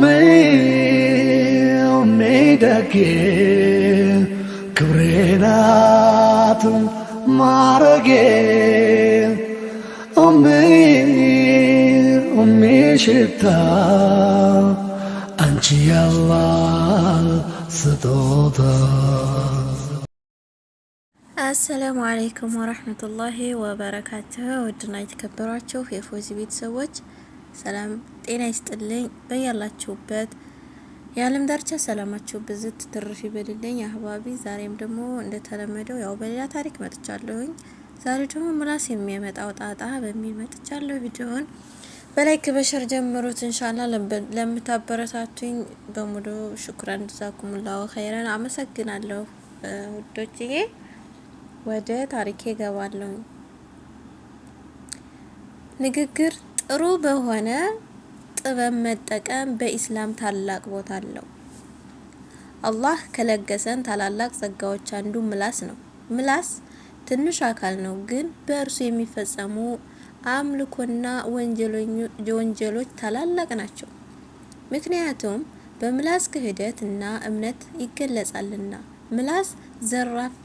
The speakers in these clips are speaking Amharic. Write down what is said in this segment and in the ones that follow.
me, omega que ክብሬናት ማረጌ ኦሜ ኦሜ ሽታ አንቺ ያላ ስጦታ አሰላሙ አለይኩም ወረህመቱላሂ ወበረካቱሁ። ውድና የተከበሯችሁ የፎዚ ቤተሰቦች ሰላም ጤና ይስጥልኝ። በያላችሁበት የዓለም ዳርቻ ሰላማችሁ ብዝት ትርፍ ይበልልኝ አህባቢ። ዛሬም ደግሞ እንደተለመደው ያው በሌላ ታሪክ መጥቻለሁኝ። ዛሬ ደግሞ ምላስ የሚያመጣው ጣጣ በሚል መጥቻለሁ። ቪዲዮውን በላይክ በሸር ጀምሩት። እንሻላ ለምታበረታቱኝ በሙሉ ሽኩረን ጀዛኩሙላሁ ኸይረን አመሰግናለሁ ውዶችዬ። ወደ ታሪኬ ገባለሁኝ። ንግግር ጥሩ በሆነ ጥበብ መጠቀም በኢስላም ታላቅ ቦታ አለው። አላህ ከለገሰን ታላላቅ ጸጋዎች አንዱ ምላስ ነው። ምላስ ትንሽ አካል ነው፣ ግን በእርሱ የሚፈጸሙ አምልኮና ወንጀሎች ታላላቅ ናቸው። ምክንያቱም በምላስ ክህደት እና እምነት ይገለጻልና። ምላስ ዘራፍ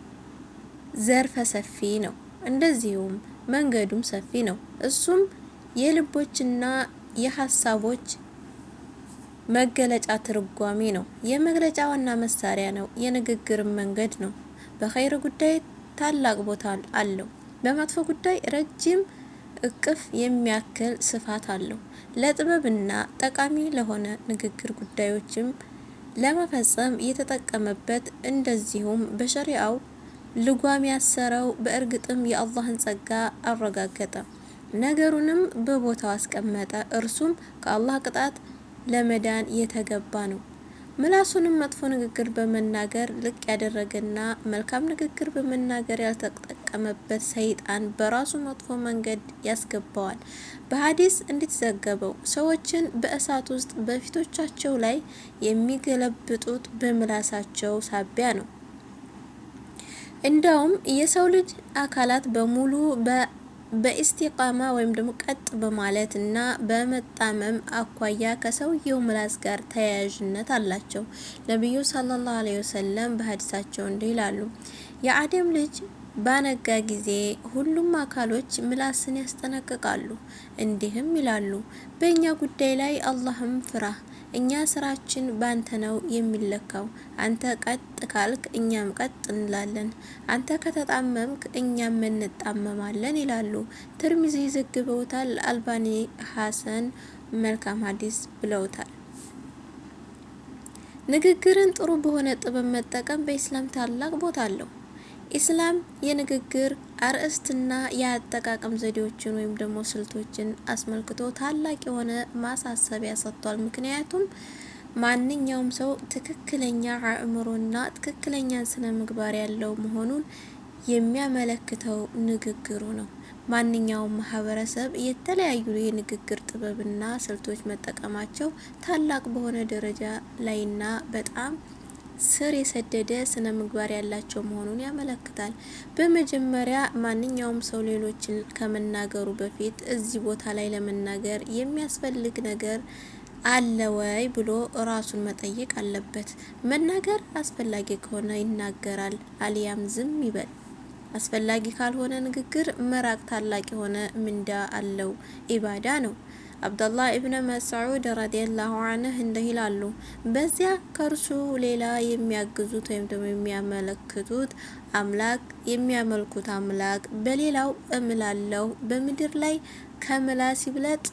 ዘርፈ ሰፊ ነው፣ እንደዚሁም መንገዱም ሰፊ ነው። እሱም የልቦችና የሀሳቦች መገለጫ ትርጓሜ ነው። የመግለጫ ዋና መሳሪያ ነው። የንግግር መንገድ ነው። በኸይር ጉዳይ ታላቅ ቦታ አለው። በመጥፎ ጉዳይ ረጅም እቅፍ የሚያክል ስፋት አለው። ለጥበብና ጠቃሚ ለሆነ ንግግር ጉዳዮችም ለመፈጸም የተጠቀመበት። እንደዚሁም በሸሪአው ልጓም ያሰረው በእርግጥም የአላህን ጸጋ አረጋገጠ። ነገሩንም በቦታው አስቀመጠ። እርሱም ከአላህ ቅጣት ለመዳን የተገባ ነው። ምላሱንም መጥፎ ንግግር በመናገር ልቅ ያደረገና መልካም ንግግር በመናገር ያልተጠቀመበት ሰይጣን በራሱ መጥፎ መንገድ ያስገባዋል። በሀዲስ እንዲተዘገበው ሰዎችን በእሳት ውስጥ በፊቶቻቸው ላይ የሚገለብጡት በምላሳቸው ሳቢያ ነው። እንዲያውም የሰው ልጅ አካላት በሙሉ በ በኢስቲቃማ ወይም ደግሞ ቀጥ በማለት እና በመጣመም አኳያ ከሰውየው ምላስ ጋር ተያያዥነት አላቸው። ነቢዩ ሰለላሁ ዐለይሂ ወሰለም በሀዲሳቸው እንዲህ ይላሉ የአደም ልጅ ባነጋ ጊዜ ሁሉም አካሎች ምላስን ያስጠነቅቃሉ፣ እንዲህም ይላሉ በእኛ ጉዳይ ላይ አላህም ፍራህ እኛ ስራችን ባንተ ነው የሚለካው። አንተ ቀጥ ካልክ እኛም ቀጥ እንላለን። አንተ ከተጣመምክ እኛም እንጣመማለን ይላሉ። ትርሚዚ ዘግበውታል። አልባኒ ሀሰን መልካም ሀዲስ ብለውታል። ንግግርን ጥሩ በሆነ ጥበብ መጠቀም በኢስላም ታላቅ ቦታ አለው። ኢስላም የንግግር አርዕስትና የአጠቃቀም ዘዴዎችን ወይም ደግሞ ስልቶችን አስመልክቶ ታላቅ የሆነ ማሳሰቢያ ሰጥቷል። ምክንያቱም ማንኛውም ሰው ትክክለኛ አእምሮና ትክክለኛ ስነ ምግባር ያለው መሆኑን የሚያመለክተው ንግግሩ ነው። ማንኛውም ማህበረሰብ የተለያዩ የንግግር ጥበብና ስልቶች መጠቀማቸው ታላቅ በሆነ ደረጃ ላይና በጣም ስር የሰደደ ስነ ምግባር ያላቸው መሆኑን ያመለክታል። በመጀመሪያ ማንኛውም ሰው ሌሎችን ከመናገሩ በፊት እዚህ ቦታ ላይ ለመናገር የሚያስፈልግ ነገር አለ ወይ ብሎ ራሱን መጠየቅ አለበት። መናገር አስፈላጊ ከሆነ ይናገራል፣ አሊያም ዝም ይበል። አስፈላጊ ካልሆነ ንግግር መራቅ ታላቅ የሆነ ምንዳ አለው፣ ኢባዳ ነው። አብደላህ ኢብነ መስዑድ ረዲየላሁ አንህ እንዲህ ይላሉ። በዚያ ከእርሱ ሌላ የሚያግዙት ወይም ደግሞ የሚያመለክቱት አምላክ የሚያመልኩት አምላክ በሌላው እምላለሁ በምድር ላይ ከምላስ ይብለጥ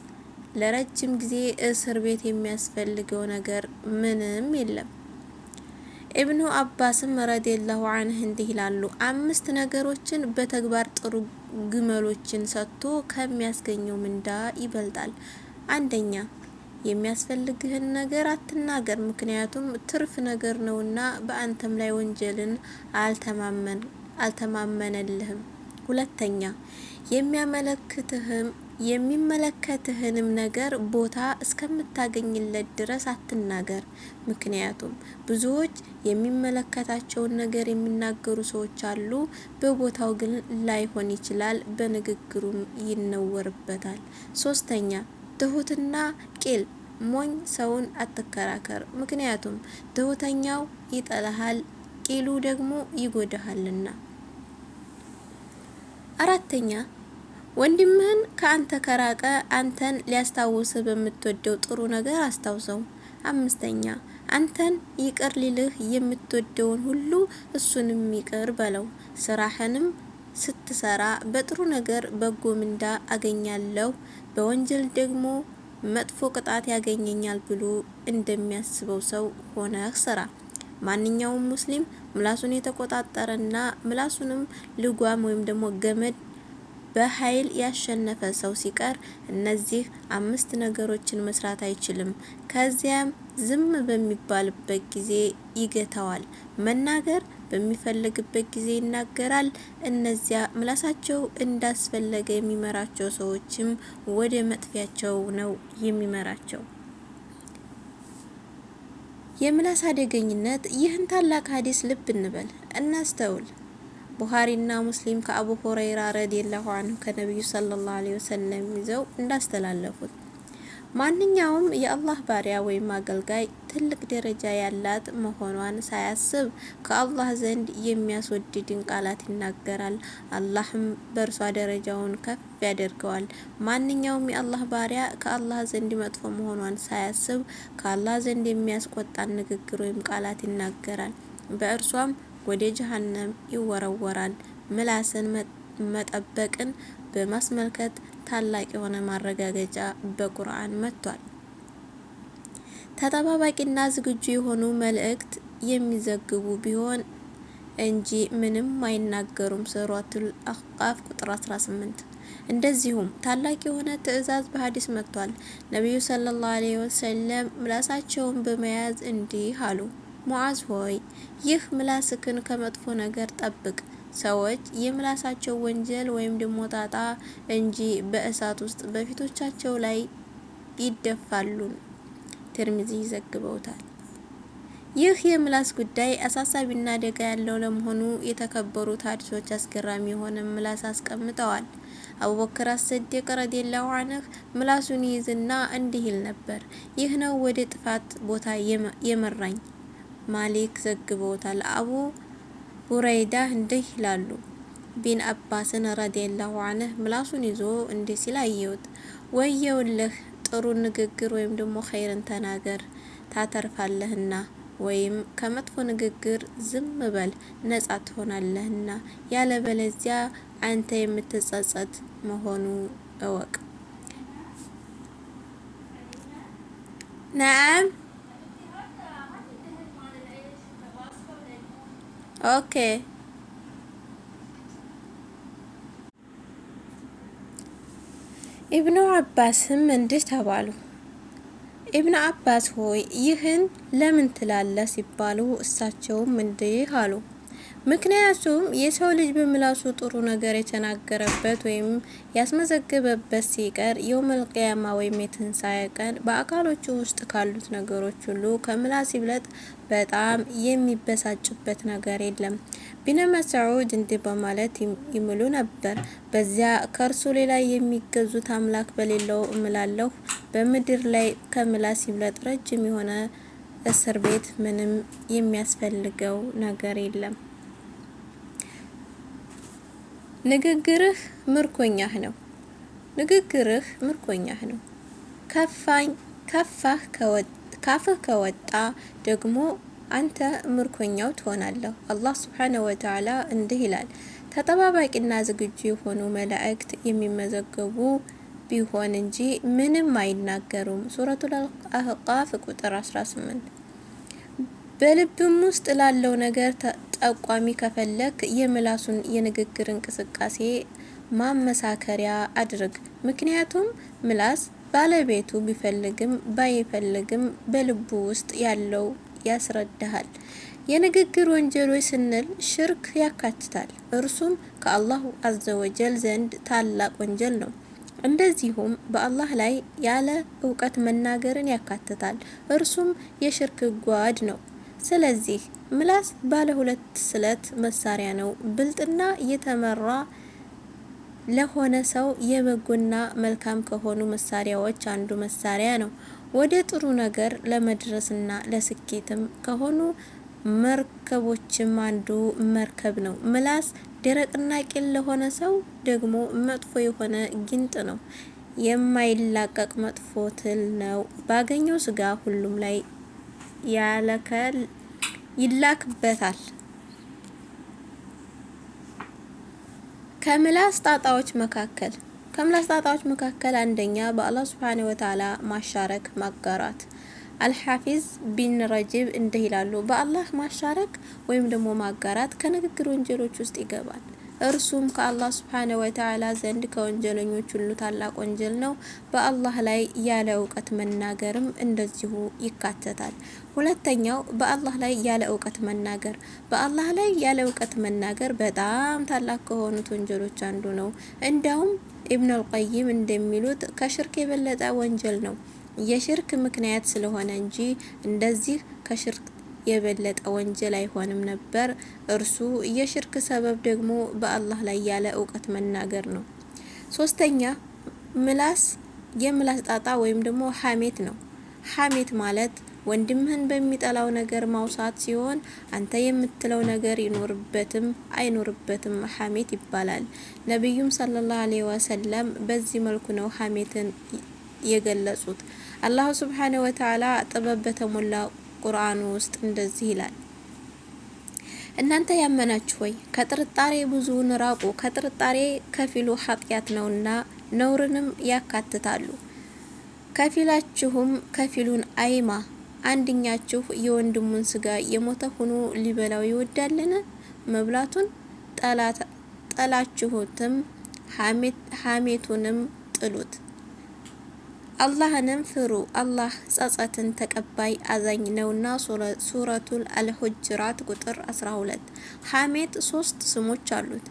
ለረጅም ጊዜ እስር ቤት የሚያስፈልገው ነገር ምንም የለም። ኢብኑ አባስም ረዲየላሁ አንህ እንዲህ ይላሉ። አምስት ነገሮችን በተግባር ጥሩ ግመሎችን ሰጥቶ ከሚያስገኘው ምንዳ ይበልጣል። አንደኛ የሚያስፈልግህን ነገር አትናገር፣ ምክንያቱም ትርፍ ነገር ነውና በአንተም ላይ ወንጀልን አልተማመነልህም። ሁለተኛ የሚያመለክትህም የሚመለከትህንም ነገር ቦታ እስከምታገኝለት ድረስ አትናገር። ምክንያቱም ብዙዎች የሚመለከታቸውን ነገር የሚናገሩ ሰዎች አሉ፣ በቦታው ግን ላይሆን ይችላል፣ በንግግሩም ይነወርበታል። ሶስተኛ ትሁትና ቂል ሞኝ ሰውን አትከራከር። ምክንያቱም ትሁተኛው ይጠላሃል፣ ቂሉ ደግሞ ይጎዳሃልና። አራተኛ ወንድምህን ከአንተ ከራቀ አንተን ሊያስታውስ በምትወደው ጥሩ ነገር አስታውሰው። አምስተኛ አንተን ይቅር ሊልህ የምትወደውን ሁሉ እሱንም ይቅር በለው። ስራህንም ስትሰራ በጥሩ ነገር በጎ ምንዳ አገኛለሁ፣ በወንጀል ደግሞ መጥፎ ቅጣት ያገኘኛል ብሎ እንደሚያስበው ሰው ሆነህ ስራ። ማንኛውም ሙስሊም ምላሱን የተቆጣጠረና ምላሱንም ልጓም ወይም ደግሞ ገመድ በኃይል ያሸነፈ ሰው ሲቀር እነዚህ አምስት ነገሮችን መስራት አይችልም። ከዚያም ዝም በሚባልበት ጊዜ ይገታዋል። መናገር በሚፈልግበት ጊዜ ይናገራል። እነዚያ ምላሳቸው እንዳስፈለገ የሚመራቸው ሰዎችም ወደ መጥፊያቸው ነው የሚመራቸው። የምላስ አደገኝነት ይህን ታላቅ ሐዲስ ልብ እንበል፣ እናስተውል። ቡሃሪና ሙስሊም ከአቡ ሁረይራ ረዲየላሁ አንሁ ከነቢዩ ሰለላሁ ዐለይሂ ወሰለም ይዘው እንዳስተላለፉት ማንኛውም የአላህ ባሪያ ወይም አገልጋይ ትልቅ ደረጃ ያላት መሆኗን ሳያስብ ከአላህ ዘንድ የሚያስወድድን ቃላት ይናገራል። አላህም በእርሷ ደረጃውን ከፍ ያደርገዋል። ማንኛውም የአላህ ባሪያ ከአላህ ዘንድ መጥፎ መሆኗን ሳያስብ ከአላህ ዘንድ የሚያስቆጣን ንግግር ወይም ቃላት ይናገራል። በእርሷም ወደ ጀሀነም ይወረወራል። ምላስን መጠበቅን በማስመልከት ታላቅ የሆነ ማረጋገጫ በቁርአን መጥቷል። ተጠባባቂና ዝግጁ የሆኑ መልእክት የሚዘግቡ ቢሆን እንጂ ምንም አይናገሩም። ሱረቱል አህቃፍ ቁጥር 18። እንደዚሁም ታላቅ የሆነ ትዕዛዝ በሀዲስ መጥቷል። ነቢዩ ሰለላሁ ዐለይሂ ወሰለም ምላሳቸውን በመያዝ እንዲህ አሉ። ሙዓዝ ሆይ ይህ ምላስክን ከመጥፎ ነገር ጠብቅ። ሰዎች የምላሳቸው ወንጀል ወይም ደሞ ጣጣ እንጂ በእሳት ውስጥ በፊቶቻቸው ላይ ይደፋሉ። ትርሚዚ ይዘግበውታል። ይህ የምላስ ጉዳይ አሳሳቢና አደጋ ያለው ለመሆኑ የተከበሩት ሀዲሶች አስገራሚ የሆነ ምላስ አስቀምጠዋል። አቡበክር አስሰዲቅ ረዲየላሁ አንህ ምላሱን ይይዝና እንዲህ ይል ነበር፣ ይህ ነው ወደ ጥፋት ቦታ የመራኝ ማሊክ ዘግበውታል። አቡ ቡረይዳ እንዲህ ይላሉ ቢን አባስን ረዲየላሁ አንህ ምላሱን ይዞ እንዲህ ሲል አየሁት። ወየውልህ ጥሩ ንግግር ወይም ደግሞ ኸይርን ተናገር ታተርፋለህና፣ ወይም ከመጥፎ ንግግር ዝም በል ነጻ ትሆናለህና፣ ያለበለዚያ አንተ የምትጸጸት መሆኑ እወቅ። ነአም ఓకే ኢብኑ አባስም እንዲህ ተባሉ። ኢብኑ አባስ ሆይ ይህን ለምን ትላለህ ሲባሉ እሳቸውም እንዲህ አሉ ምክንያቱም የሰው ልጅ በምላሱ ጥሩ ነገር የተናገረበት ወይም ያስመዘገበበት ሲቀር የውመል ወይም የትንሳኤ ቀን በአካሎቹ ውስጥ ካሉት ነገሮች ሁሉ ከምላስ ይብለጥ በጣም የሚበሳጭበት ነገር የለም። ቢነመሰዑድ እንዲህ በማለት ይምሉ ነበር። በዚያ ከእርሱ ሌላ የሚገዙት አምላክ በሌለው እምላለሁ፣ በምድር ላይ ከምላስ ይብለጥ ረጅም የሆነ እስር ቤት ምንም የሚያስፈልገው ነገር የለም። ንግግርህ ምርኮኛህ ነው። ንግግርህ ምርኮኛህ ነው። ከፋኝ ከፋህ ካፍህ ከወጣ ደግሞ አንተ ምርኮኛው ትሆናለህ። አላህ ሱብሓነሁ ወተዓላ እንዲህ ይላል፣ ተጠባባቂና ዝግጁ የሆኑ መላእክት የሚመዘገቡ ቢሆን እንጂ ምንም አይናገሩም። ሱረቱል አህቃፍ ቁጥር 18 በልብም ውስጥ ላለው ነገር ጠቋሚ ከፈለክ የምላሱን የንግግር እንቅስቃሴ ማመሳከሪያ አድርግ። ምክንያቱም ምላስ ባለቤቱ ቢፈልግም ባይፈልግም በልቡ ውስጥ ያለው ያስረዳሃል። የንግግር ወንጀሎች ስንል ሽርክ ያካትታል። እርሱም ከአላሁ አዘወጀል ዘንድ ታላቅ ወንጀል ነው። እንደዚሁም በአላህ ላይ ያለ እውቀት መናገርን ያካትታል። እርሱም የሽርክ ጓድ ነው። ስለዚህ ምላስ ባለ ሁለት ስለት መሳሪያ ነው። ብልጥና የተመራ ለሆነ ሰው የበጎና መልካም ከሆኑ መሳሪያዎች አንዱ መሳሪያ ነው። ወደ ጥሩ ነገር ለመድረስና ለስኬትም ከሆኑ መርከቦችም አንዱ መርከብ ነው። ምላስ ደረቅና ቂል ለሆነ ሰው ደግሞ መጥፎ የሆነ ጊንጥ ነው። የማይላቀቅ መጥፎ ትል ነው። ባገኘው ስጋ ሁሉም ላይ ይላክበታል። ከምላስ ጣጣዎች መካከል ከምላስ ጣጣዎች መካከል አንደኛ በአላህ ሱብሓነሁ ወተዓላ ማሻረክ ማጋራት። አልሐፊዝ ቢን ረጅብ እንዲህ ይላሉ፣ በአላህ ማሻረክ ወይም ደግሞ ማጋራት ከንግግር ወንጀሎች ውስጥ ይገባል። እርሱም ከአላህ ስብሓነ ወተዓላ ዘንድ ከወንጀለኞች ሁሉ ታላቅ ወንጀል ነው። በአላህ ላይ ያለ እውቀት መናገርም እንደዚሁ ይካተታል። ሁለተኛው በአላህ ላይ ያለ እውቀት መናገር፣ በአላህ ላይ ያለ እውቀት መናገር በጣም ታላቅ ከሆኑት ወንጀሎች አንዱ ነው። እንዲያውም ኢብኑል ቀይም እንደሚሉት ከሽርክ የበለጠ ወንጀል ነው የሽርክ ምክንያት ስለሆነ እንጂ እንደዚህ ከሽርክ የበለጠ ወንጀል አይሆንም ነበር። እርሱ የሽርክ ሰበብ ደግሞ በአላህ ላይ ያለ እውቀት መናገር ነው። ሶስተኛ ምላስ የምላስ ጣጣ ወይም ደግሞ ሀሜት ነው። ሀሜት ማለት ወንድምህን በሚጠላው ነገር ማውሳት ሲሆን አንተ የምትለው ነገር ይኖርበትም አይኖርበትም ሀሜት ይባላል። ነቢዩም ሰለላሁ ዐለይሂ ወሰለም በዚህ መልኩ ነው ሀሜትን የገለጹት። አላሁ ስብሓነሁ ወተዓላ ጥበብ በተሞላ ቁርአኑ ውስጥ እንደዚህ ይላል፣ እናንተ ያመናችሁ ሆይ ከጥርጣሬ ብዙውን ራቁ። ከጥርጣሬ ከፊሉ ኃጢአት ነውና ነውርንም ያካትታሉ። ከፊላችሁም ከፊሉን አይማ። አንድኛችሁ የወንድሙን ስጋ የሞተ ሆኖ ሊበላው ይወዳልን? መብላቱን ጠላችሁትም ሐሜቱንም ጥሉት። አላህንም ፍሩ። አላህ ጸጸትን ተቀባይ አዛኝ ነውና። ሱረቱል አልሁጅራት ቁጥር 12 ሐሜት ሶስት ስሞች አሉት።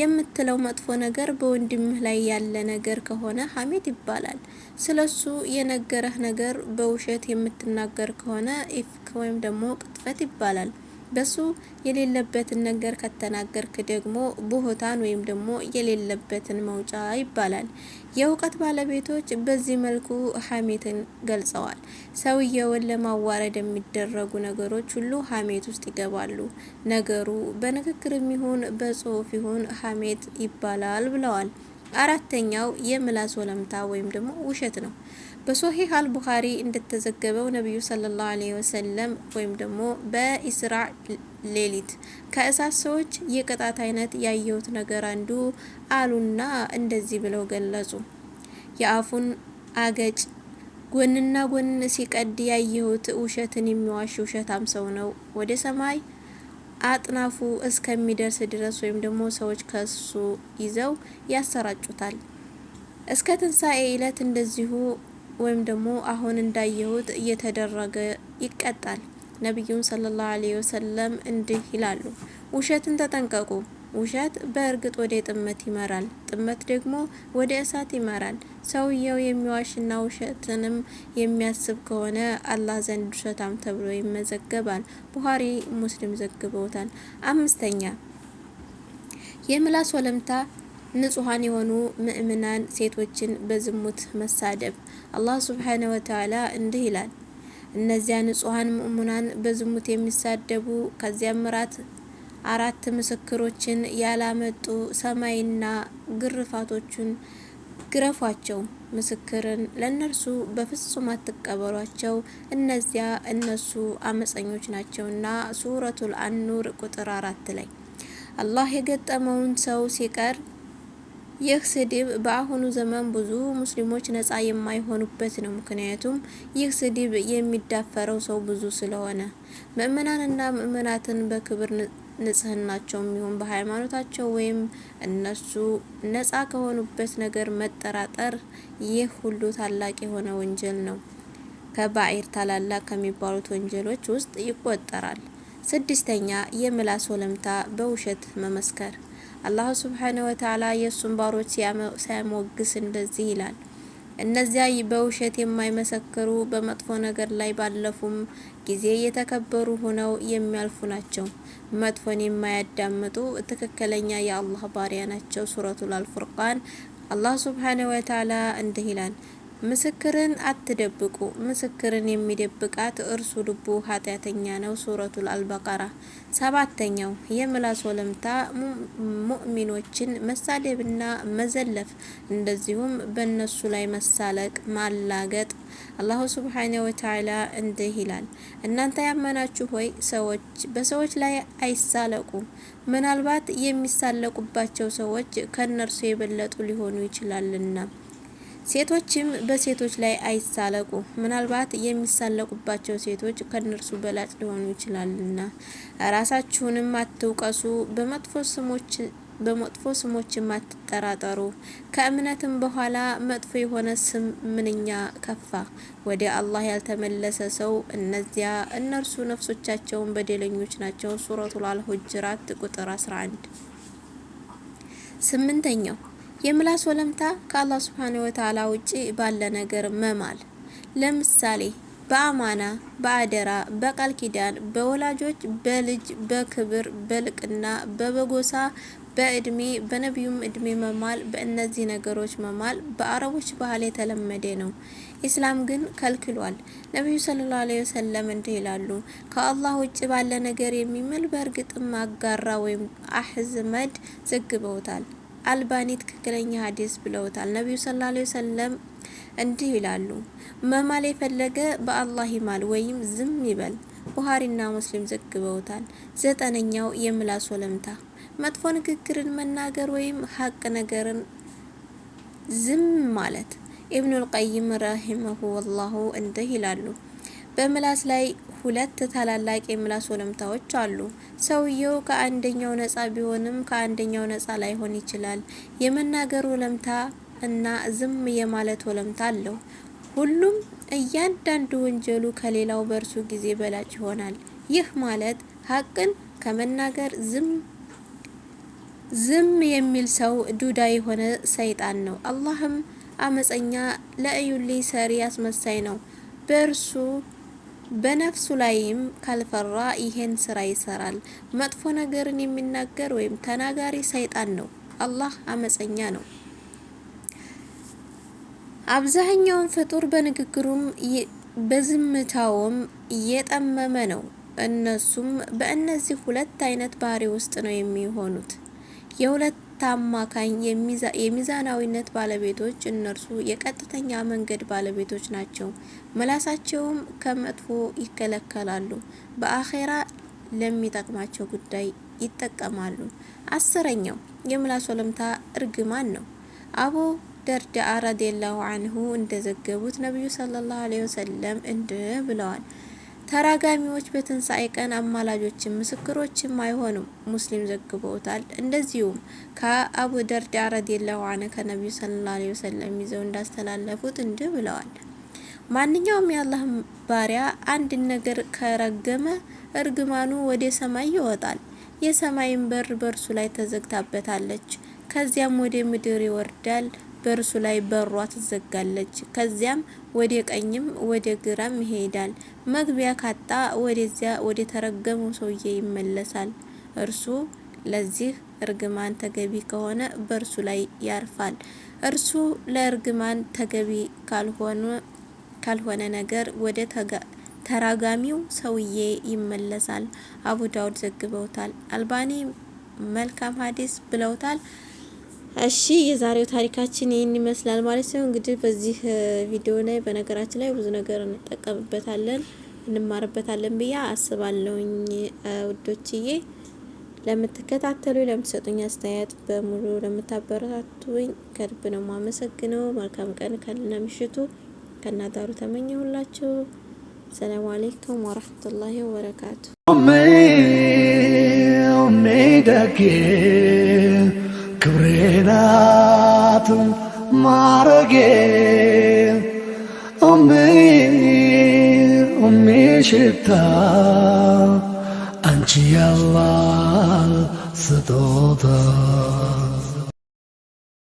የምትለው መጥፎ ነገር በወንድምህ ላይ ያለ ነገር ከሆነ ሐሜት ይባላል። ስለሱ የነገረህ ነገር በውሸት የምትናገር ከሆነ ኢፍክ ወይም ደግሞ ቅጥፈት ይባላል። በሱ የሌለበትን ነገር ከተናገርክ ደግሞ ቦታን ወይም ደግሞ የሌለበትን መውጫ ይባላል። የእውቀት ባለቤቶች በዚህ መልኩ ሀሜትን ገልጸዋል። ሰውየውን ለማዋረድ የሚደረጉ ነገሮች ሁሉ ሀሜት ውስጥ ይገባሉ። ነገሩ በንግግር የሚሆን በጽሁፍ ይሁን ሀሜት ይባላል ብለዋል። አራተኛው የምላስ ወለምታ ወይም ደግሞ ውሸት ነው። በሶሂህ አል እንደተዘገበው ነቢዩ ሰለላሁ ዐለይሂ ወሰለም ወይም ደግሞ በኢስራ ሌሊት ከእሳት ሰዎች የቅጣት አይነት ያየሁት ነገር አንዱ አሉና እንደዚህ ብለው ገለጹ። የአፉን አገጭ ጎንና ጎን ሲቀድ ያየሁት ውሸትን የሚዋሽ ውሸታም ሰው ነው። ወደ ሰማይ አጥናፉ እስከሚደርስ ድረስ ወይም ደግሞ ሰዎች ከሱ ይዘው ያሰራጩታል። እስከ ትንሣኤ ዕለት እንደዚሁ ወይም ደግሞ አሁን እንዳየሁት እየተደረገ ይቀጣል። ነቢዩም ሰለላሁ አለይሂ ወሰለም እንዲህ ይላሉ፣ ውሸትን ተጠንቀቁ። ውሸት በእርግጥ ወደ ጥመት ይመራል፣ ጥመት ደግሞ ወደ እሳት ይመራል። ሰውየው የሚዋሽና ውሸትንም የሚያስብ ከሆነ አላህ ዘንድ ውሸታም ተብሎ ይመዘገባል። ቡሃሪ ሙስሊም ዘግበውታል። አምስተኛ የምላስ ወለምታ ንጹሃን የሆኑ ምእምናን ሴቶችን በዝሙት መሳደብ። አላህ ስብሓነ ወተዓላ እንዲህ ይላል፣ እነዚያ ንጹሃን ምእምናን በዝሙት የሚሳደቡ ከዚያም ምራት አራት ምስክሮችን ያላመጡ ሰማይና ግርፋቶቹን ግረፏቸው፣ ምስክርን ለእነርሱ በፍጹም አትቀበሏቸው፣ እነዚያ እነሱ አመፀኞች ናቸውና። ሱረቱል አኑር ቁጥር አራት ላይ አላህ የገጠመውን ሰው ሲቀር ይህ ስድብ በአሁኑ ዘመን ብዙ ሙስሊሞች ነጻ የማይሆኑበት ነው። ምክንያቱም ይህ ስድብ የሚዳፈረው ሰው ብዙ ስለሆነ ምእመናንና ምእመናትን በክብር ንጽህናቸው የሚሆን በሃይማኖታቸው ወይም እነሱ ነጻ ከሆኑበት ነገር መጠራጠር ይህ ሁሉ ታላቅ የሆነ ወንጀል ነው። ከባኢር ታላላቅ ከሚባሉት ወንጀሎች ውስጥ ይቆጠራል። ስድስተኛ የምላስ ወለምታ በውሸት መመስከር አላህ ሱብሓነሁ ወተዓላ የእሱን ባሮች ሳያሞግስ እንደዚህ ይላል፣ እነዚያ በውሸት የማይመሰክሩ በመጥፎ ነገር ላይ ባለፉም ጊዜ የተከበሩ ሆነው የሚያልፉ ናቸው። መጥፎን የማያዳምጡ ትክክለኛ የአላህ ባሪያ ናቸው። ሱረቱል አልፉርቃን አላህ ሱብሓነሁ ወተዓላ እንዲህ ይላል ምስክርን አትደብቁ፣ ምስክርን የሚደብቃት እርሱ ልቡ ኃጢአተኛ ነው። ሱረቱል አልበቀራ ሰባተኛው የምላስ ወለምታ ሙእሚኖችን መሳደብና መዘለፍ እንደዚሁም በእነሱ ላይ መሳለቅ፣ ማላገጥ። አላሁ ሱብሓነሁ ወተዓላ እንዲህ ይላል፣ እናንተ ያመናችሁ ሆይ ሰዎች በሰዎች ላይ አይሳለቁ። ምናልባት የሚሳለቁባቸው ሰዎች ከእነርሱ የበለጡ ሊሆኑ ይችላልና ሴቶችም በሴቶች ላይ አይሳለቁ፣ ምናልባት የሚሳለቁባቸው ሴቶች ከነርሱ በላጭ ሊሆኑ ይችላልና። ራሳችሁንም አትውቀሱ፣ በመጥፎ ስሞችም አትጠራጠሩ። ከእምነትም በኋላ መጥፎ የሆነ ስም ምንኛ ከፋ! ወደ አላህ ያልተመለሰ ሰው እነዚያ እነርሱ ነፍሶቻቸውን በደለኞች ናቸው። ሱረቱል አልሁጅራት ቁጥር 11 ስምንተኛው የምላስ ወለምታ ከአላህ ሱብሓነሁ ወተዓላ ውጪ ባለ ነገር መማል፣ ለምሳሌ በአማና፣ በአደራ፣ በቃል ኪዳን፣ በወላጆች፣ በልጅ፣ በክብር፣ በልቅና፣ በበጎሳ፣ በእድሜ፣ በነቢዩም እድሜ መማል፣ በእነዚህ ነገሮች መማል በአረቦች ባህል የተለመደ ነው። ኢስላም ግን ከልክሏል። ነቢዩ ሰለላሁ ዐለይሂ ወሰለም እንዲህ ይላሉ፣ ከአላህ ውጭ ባለ ነገር የሚምል በእርግጥም አጋራ ወይም አህዝመድ ዘግበውታል። አልባኒ ትክክለኛ ሀዲስ ብለውታል። ነቢዩ ሰለላሁ ላ ወሰለም እንዲህ ይላሉ፣ መማል የፈለገ በአላህ ይማል ወይም ዝም ይበል። ቡሃሪና ሙስሊም ዘግበውታል። ዘጠነኛው የምላስ ወለምታ መጥፎ ንግግርን መናገር ወይም ሀቅ ነገርን ዝም ማለት ኢብኑ ቀይም ረሂመሁ ወላሁ እንዲህ ይላሉ በምላስ ላይ ሁለት ታላላቅ የምላስ ወለምታዎች አሉ። ሰውየው ከአንደኛው ነፃ ቢሆንም ከአንደኛው ነፃ ላይሆን ይችላል። የመናገር ወለምታ እና ዝም የማለት ወለምታ አለው። ሁሉም እያንዳንዱ ወንጀሉ ከሌላው በእርሱ ጊዜ በላጭ ይሆናል። ይህ ማለት ሀቅን ከመናገር ዝም ዝም የሚል ሰው ዱዳ የሆነ ሰይጣን ነው። አላህም አመፀኛ ለእዩሌ ሰሪ አስመሳይ ነው በእርሱ በነፍሱ ላይም ካልፈራ ይሄን ስራ ይሰራል። መጥፎ ነገርን የሚናገር ወይም ተናጋሪ ሰይጣን ነው። አላህ አመፀኛ ነው። አብዛኛውን ፍጡር በንግግሩም በዝምታውም እየጠመመ ነው። እነሱም በእነዚህ ሁለት አይነት ባህሪ ውስጥ ነው የሚሆኑት የሁለት ተአማካኝ የሚዛናዊነት ባለቤቶች እነርሱ የቀጥተኛ መንገድ ባለቤቶች ናቸው። ምላሳቸውም ከመጥፎ ይከለከላሉ፣ በአኼራ ለሚጠቅማቸው ጉዳይ ይጠቀማሉ። አስረኛው የምላስ ወለምታ እርግማን ነው። አቡ ደርዳ ረዲየላሁ አንሁ እንደዘገቡት ነቢዩ ሰለላሁ ዐለይሂ ወሰለም እንዲህ ብለዋል ተራጋሚዎች በትንሣኤ ቀን አማላጆችም ምስክሮችም አይሆኑም። ሙስሊም ዘግበውታል። እንደዚሁም ከአቡ ደርዳ ረዲየላሁ ዐንሁ ከነቢዩ ሰለላሁ ዐለይሂ ወሰለም ይዘው እንዳስተላለፉት እንዲህ ብለዋል። ማንኛውም የአላህ ባሪያ አንድን ነገር ከረገመ እርግማኑ ወደ ሰማይ ይወጣል። የሰማይን በር በእርሱ ላይ ተዘግታበታለች። ከዚያም ወደ ምድር ይወርዳል። በእርሱ ላይ በሯ ትዘጋለች። ከዚያም ወደ ቀኝም ወደ ግራም ይሄዳል። መግቢያ ካጣ ወደዚያ ወደ ተረገመው ሰውዬ ይመለሳል። እርሱ ለዚህ እርግማን ተገቢ ከሆነ በእርሱ ላይ ያርፋል። እርሱ ለእርግማን ተገቢ ካልሆነ ነገር ወደ ተራጋሚው ሰውዬ ይመለሳል። አቡ ዳውድ ዘግበውታል። አልባኒ መልካም ሀዲስ ብለውታል። እሺ የዛሬው ታሪካችን ይህን ይመስላል ማለት ነው። እንግዲህ በዚህ ቪዲዮ ላይ በነገራችን ላይ ብዙ ነገር እንጠቀምበታለን፣ እንማርበታለን ብዬ አስባለሁኝ። ውዶችዬ ለምትከታተሉ፣ ለምትሰጡኝ አስተያየት በሙሉ ለምታበረታቱኝ ከልብ ነው የማመሰግነው። መልካም ቀን ከልና ምሽቱ ከናዳሩ ተመኘሁላችሁ። ሰላሙ አሌይኩም ወራህመቱላሂ ወበረካቱ። ሜላት ማረጌ ኦሜ ኦሜ ሽታ አንቺ ያላህ ስጦታ